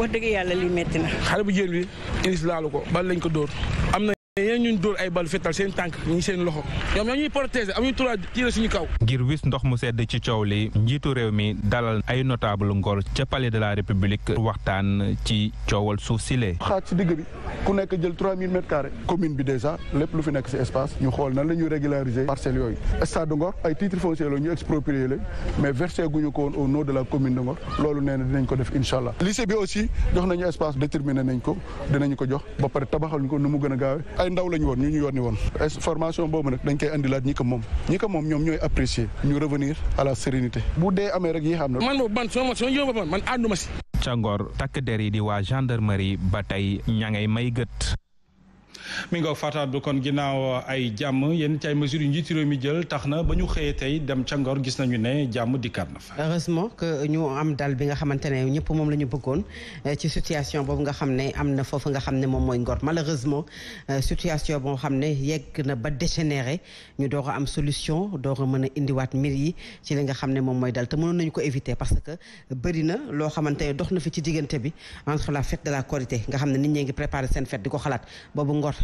wax dëgg yàlla li metti na. xale bu jigéen bi iris laalu ko bal lañ ko dóor am na ñu ñun ay bal fetal seen tànk ñi seen loxo ñoom ñoo ñuy protéger amuñu tura tiire suñu kaw. ngir wis ndox mu sedd ci coow li njiitu réew mi dalal ay notable ngor ca palais de la république waxtaan ci coowal suuf si lee xaaj si digg bi. ku nekk jël 3000 mètres carrés commune bi déjà lépp lu fi nekk ci espace ñu xool nan la ñuy régulariser parcelles yooyu stade de Ngor ay titres fonciers la ñu exproprié lañ mais loolu nee na dinañ ko def incha allah lycée bi aussi jox nañu espace déterminé nañ ko dinañ ko jox ba pare tabaxal ñu ko nu mu gën a gaawee ay ndaw lañ woon ñu ñu yónni woon formation boobu nag dañ koy andilaat ñi ko moom ñi ko moom ñoom ñooy apprécier ñu revenir à la sérénité bu dee amee rek yi xam na man moom ban soo ma soo ca Ngor takk der yi di waa gendarmerie ba tey ña ngay may gët mi ngoog fàttaliku kon ginnaaw ay jàmm yenn ci ay mesures yu njiitu réew mi jël tax na ba ñu xëyee tey dem ca Ngor gis nañu ne jàmm dikkaat na fa. heureusement que ñu am dal bi nga xamante ne ñëpp moom la ñu bëggoon eh, situation boobu nga xam ne am na foofu nga xam ne moom mooy Ngor malheureusement eh, situation boo xam ne yegg na ba dégénéré ñu doo a solution doo a mën a indiwaat mbir yi ci li nga xam ne moom mooy dal te mënoon nañu ko éviter parce que bëri na loo xamante ne dox na fi ci diggante bi entre la fête de la nga xam ne nit ñi ngi préparé seen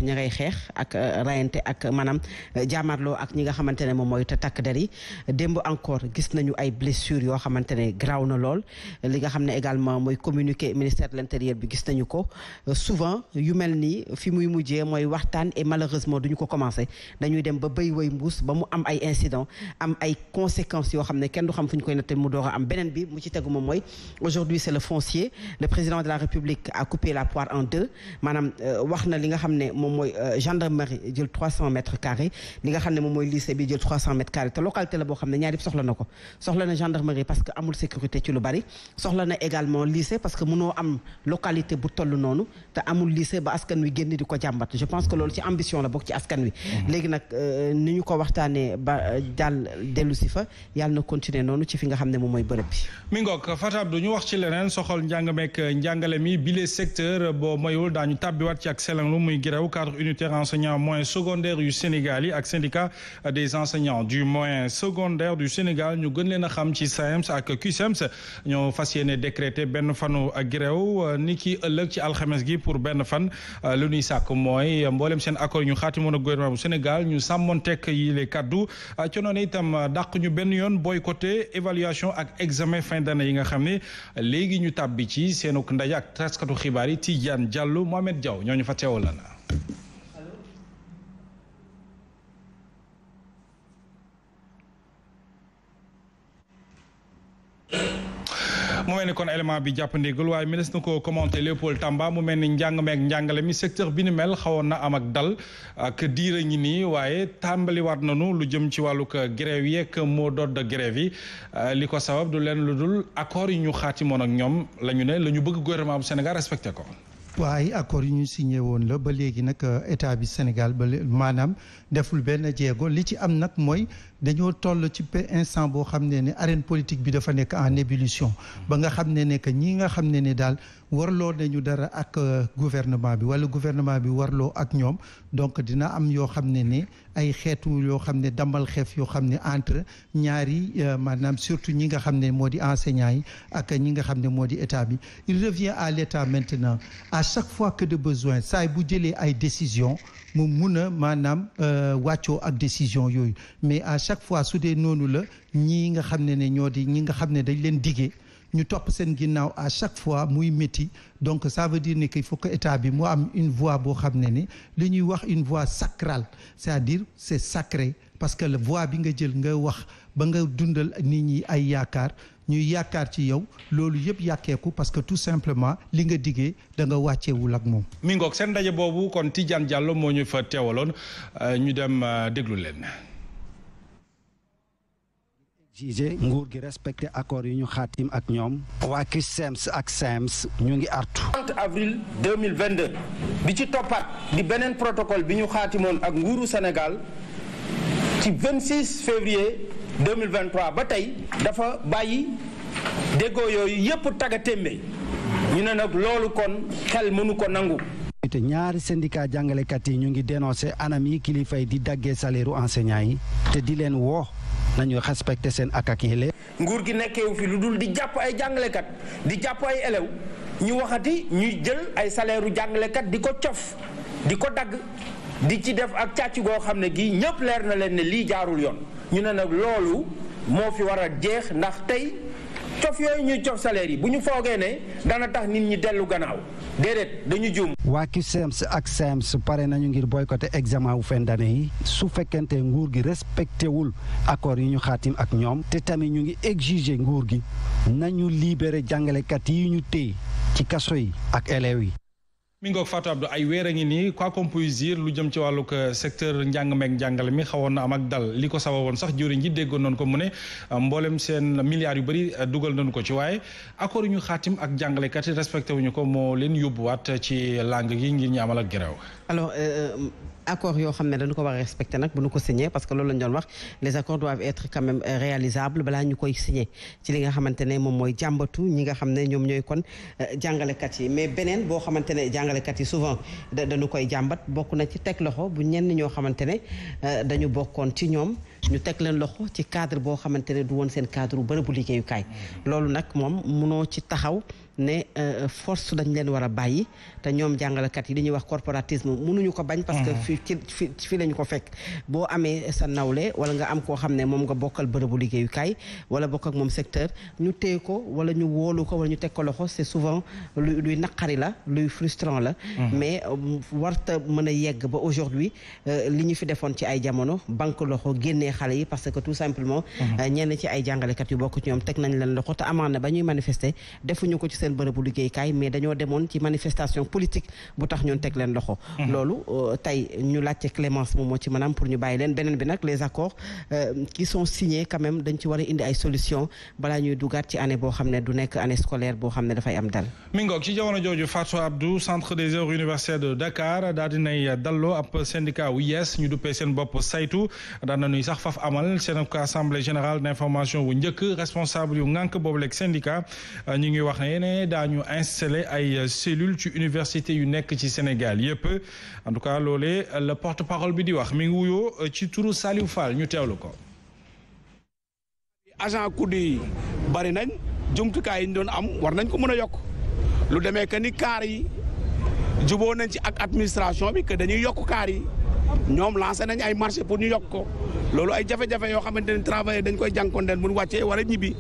ña ngay xeex ak euh, rayante ak euh, maanaam euh, jaamarloo ak ñi nga xamante ne moom mooy takk der yi démb encore gis nañu ay blessures yoo xamante ne garaaw na lool li nga xam ne également mooy communiqué ministère de l'intérieur bi gis nañu ko souvent yu mel nii fi muy mujjee mooy waxtaan et malheureusement duñu ko commencé dañuy dem ba béy way mbuus ba mu am ay incident am ay conséquences yoo xam ne kenn du xam fu ñu koy natte mu door am beneen bi mu ci tegu moom mooy aujourd'hui c'est le foncier le président moom mooy euh, gendarmerie jël 300 mètres carrés li nga xam ne moom mooy lycée bi jël mètres carrés te localité la boo xam ne ñaar yëpp soxla na ko soxla na gendarmerie parce que amul sécurité ci lu bari soxla na également lycée parce que mënoo am localité bu toll noonu te amul lycée ba askan wi génn di ko jàmbat je pense que loolu ci ambition la bokk ci askan wi. Mmh. léegi nag euh, ni ñu ko waxtaanee ba daal euh, dellu fa yàlla na continuer noonu ci fi nga xam ne moom mooy cadre unitaire enseignant moyen secondaire yu Sénégal yi ak syndicat des enseignants du moyen secondaire du Sénégal ñu gën leen a xam ci SAEMS ak CUSEMS ñoo fas yéene décrété benn fanu gréew ni ki ëllëg ci alxemes gi pour benn fan lu ñuy sàkk mooy mboolem seen accord ñu xaatimoon ak gouvernement bu Sénégal ñu sàmmoon tekk yi les kaddu ci noonu itam dàq ñu benn yoon boycotté évaluation ak examen fin d'année yi nga xam ne léegi ñu tàbbi ci seenuk ndaje ak taskatu xibaar yi Tidiane Diallo Mohamed Diaw ñoo ñu fa mu mel ni kon élément bi jàppandigul waaye mënees na ko commenté Léopold Tamba mu mel ni njàng meeg njàngale mi secteur bi ni mel xawoon na am ak dal ak diira ñi nii waaye tàmbaliwaat nanu lu jëm ci wàllug grève yeeg moo doot de grève yi euh, li ko sabab du leen lu dul accord yi ñu xaatimoon ak ñoom la ñu ne la ñu bëgg gouvernement bu Sénégal respecté ko waa ay accord yu ñu signé woon la ba léegi nag euh, état bi Sénégal ba maanaam deful benn jéego li ci am nag mooy dañoo toll ci instant boo xam ne ne arène politique bi dafa nekk en ébullition ba nga xam ne ne que ñi nga xam ne ne daal warloo nañu dara ak euh, gouvernement bi wala gouvernement bi warloo ak ñoom donc dina am yoo xam ne ne ay xeetu yoo xam ne damal xeef yoo xam ne entre ñaari euh, maanaam surtout ñi nga xam ne moo di enseignants yi ak ñi nga xam ne moo di état bi il revient à l'état maintenant à chaque fois que de besoin saay bu jëlee ay décision mu mun a maanaam euh, wàccoo ak décision yooyu mais à chaque fois su dee noonu la ñii nga xam ne ne ñoo di ñi nga xam ne dañ leen digee ñu topp seen ginnaaw à chaque fois muy métti donc ça veut dire ne qu'il faut que état bi mu am une vois boo xam ne ni li ñuy wax une vois sacrale c'est-à-dire c'est sacré parce que la voix bi nga jël nga wax ba nga dundal nit ñi ay yaakaar ñuy yaakaar ci yow loolu yëpp yàkkeeku parce que tout simplement li nga diggee da nga wàcceewul ak moom. mi ngoog seen ndaje boobu kon Tidiane Diallo moo ñu fa teewaloon euh, ñu dem euh, déglu leen. exigé nguur gi respecté accord yi ñu xaatim ak ñoom waa CUSEMS ak SEMS ñu ngi artu 30 avril 2022 bi ci toppaat di beneen protocole bi ñu xaatimoon ak nguuru senegal ci 26 février 2023 ba tey dafa bàyyi déggoo yooyu yépp taga témbé ñu ne nag loolu kon xel mënu ko nangu te ñaari syndicat jàngalekat yi ñu ngi dénoncé anam yi kilifa yi di daggee salaire u yi te di leen woo nañu respecté seen ak ak yële. nguur gi nekkeewu fi lu dul di jàpp ay jàngalekat di jàpp ay élèves ñu waxati ñuy jël ay salaire jàngalekat di ko cof di ko dagg di ci def ak càcc goo xam ne gii ñëpp leer na leen ne lii jaarul yoon ñu ne nag loolu moo fi war a jeex ndax tey. cof yooyu ñuy cof salaire yi bu ñu foogee ne dana tax nit ñi dellu gannaaw déedéet dañu juum. waa CUSEMS ak SEMS pare nañu ngir boycotté examen wu fin yi su fekkente nguur gi respecté wul accords yi ñu xaatim ak ñoom te tamit ñu ngi exiger nguur gi nañu libéré jàngalekat yi ñu téye ci kaso yi ak élèves yi. mi ngoog Fatou Abdou ay weer a ngi nii quoi lu jëm ci wàllug secteur njàng meeg njàngale mi xawoon na am ak dal li ko sababoon sax jëriñ ji déggoon nañ ko mu ne mboolem seen milliards yu bëri euh, dugal nañ ko ci waaye accord ñu xaatim ak jàngalekat yi respecté wuñu ko moo leen yóbbuwaat ci langue gi ngir ñu amal ak grève alors euh, euh, accord yoo xam ne dañu ko war a nag bu ñu ko signé parce que loolu lañ doon wax les accords doivent être quand même euh, balaa ñu koy signé ci li nga xamante ne moom mooy jàmbatu ñi nga xam ne ñoom ñooy kon jàngalekat yi mais beneen boo xamante ne jàngalekat yi souvent dañu koy jàmbat bokk na ci teg loxo bu ñenn ñoo xamante ne dañu bokkoon ci ñoom ñu teg leen loxo ci cadre boo xamante ne du woon seen cadre bu bërëbu liggéeyukaay loolu nag moom munoo ci taxaw ne euh, force dañ leen war a bàyyi te ñoom jàngalekat yi li ñuy wax corporatisme mënuñu ko bañ parce que mhm. fi fi fi lañu ko fekk boo amee sa nawle wala nga am koo xam ne moom nga bokkal bërëbu liggéeyukaay wala bokk ak moom secteur ñu téye ko wala ñu wóolu ko wala ñu teg ko loxo c'est souvent luy luy naqari la luy frustrant la mhm. mais euh, warta mën a yegg ba aujourd'hui euh, li ñu fi defoon ci ay jamono banque loxo génnee xale yi parce que tout simplement mhm. ñenn ci ay jàngalekat yu bokk ci ñoom te na ba ñuy manifester defuñu ko seen bërëbu liggéeykaay mais dañoo demoon ci manifestation politique bu tax ñun teg leen mhm. euh, clémence moom moo ci maanaam pour ñu bàyyi leen beneen bi nag les accords euh, qui sont signés quand même ci war a indi ay solution balaa ñuy dugaat ci année boo xam ne du nekk année scolaire boo xam ne dafay am dal. Mingoog ci jamono jooju Fatou Abdou centre des œuvres universitaires de Dakar daal dinay dalloo syndicat wu yees ñu duppee seen bopp saytu daan nañuy sax faf ne daañu installé ay cellules ci université yu nekk ci Sénégal yëpp en tout cas loolee porte-parole bi di wax mi ngi wuyoo euh, ci turu Saliou Fall ñu teewlu ko. agent COUD yi bari nañ jumtukaay yi ñu doon am war nañ ko mën a yokk lu demee que ni kaar yi juboo nañ ci ak administration bi que dañuy yokk kaar yi ñoom lancé nañ ay marché pour ñu yokk ko loolu ay jafe-jafe yoo xamante ne travailleur dañ koy jànkoon den bu ñu wàccee war ñibbi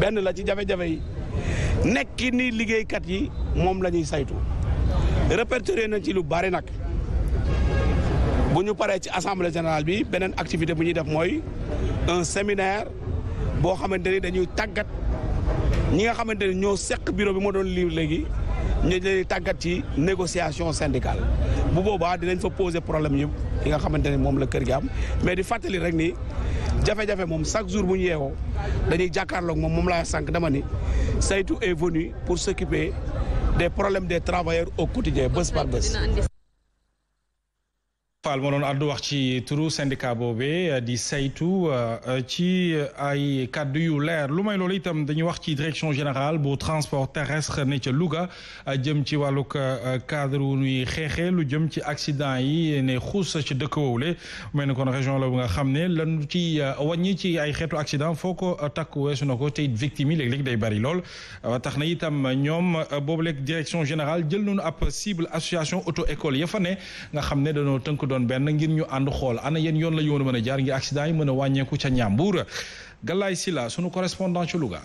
benn la ci jafe-jafe yi. nekki ni liggéeykat yi moom la ñuy saytu répertorier nañ ci lu bari nag bu ñu paree ci assemblée générale bi beneen activité bu ñuy def mooy un séminaire boo xamante ni dañuy tàggat ñi nga xamante ni ñoo seq bureau bi moo doon lii léegi ñu dañuy tàggat ci négociation syndicale bu boobaa dinañ fa poser problème yëpp yi nga xamante ni moom la kër gi am mais di fàttali rek ni jafe-jafe moom chaque jour bu ñu yeewoo dañuy jàkkaarloog moom moom laa sànq dama ni saytu est venu pour s'occuper des problèmes des travailleurs au quotidien bés par bés. Fall moo doon àddu wax ci turu syndicat boobee euh, di saytu euh, euh, ci ay kàddu yu leer lu may loolu itam dañuy wax ci direction général bu transport terrestre ne ca Louga jëm ci wàllug cadre wu ñuy xeexee lu jëm ci accident yi ne xuus ci dëkk woowule mel ni kon région la bu nga xam ne lan ci wàññi ci ay xeetu accident foo ko takk weesu ko te it victime yi day bari lool tax na itam ñoom boobu lek direction général jël nañu ab cible association auto école ya fa nga xam ne dañoo tënk doon doon benn ngir ñu ànd xool ana yéen yoon lañu ñu mën a jaar ngir accident yi mën a wàññeeku ca Ñàmbur Galaay Silla sunu correspondant ci Louga.